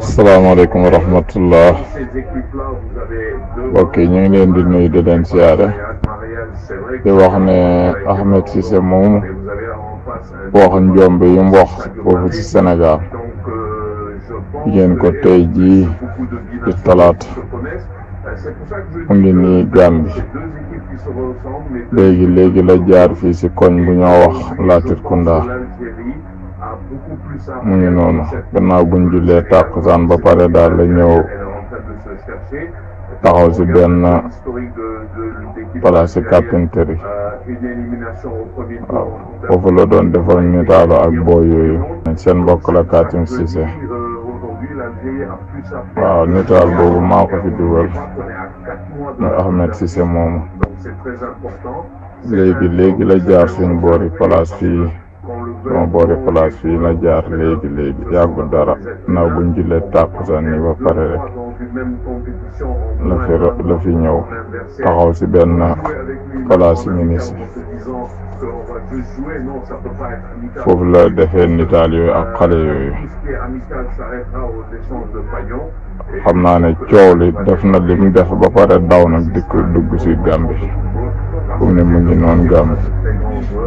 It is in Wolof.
asalaamaaleykum wa rahmatullah mbokk yi ñu ngi leen di nuyu di leen siyaare di wax ne Ahmed Cissé moomu wax njomb yi mu wax foofu ci Sénégal ngeen ko tey jii di talaata mu ngi nii Gàmbi léegi léegi la jaar fii ci koñ bu ñoo wax Latir Kunda mu ngi noonu gannaaw buñ jullee tàkkusaan ba pare daal la ñëw taxaw ci benn place ci carpinterie foofu la doon defar ñu taalu ak boo yooyu seen mbokk la Katim Cissé waaw nataal boobu maa ko fi dugal muy Ahmed Cissé moomu léegi léegi la jaar suñ boori place fii sama boori place fii la jaar léegi léegi yàggul dara na buñ jullee tàkkusaan ni ba pare la fi la fi ñëw taxaw si benn place ministre foofu la defee euh, nitaal yooyu ak xale yooyu xam naa ne coow li def na li mu def ba pare daw nag dikk dugg ci Gàmbi fu ne mu ngi noonu Gàmbi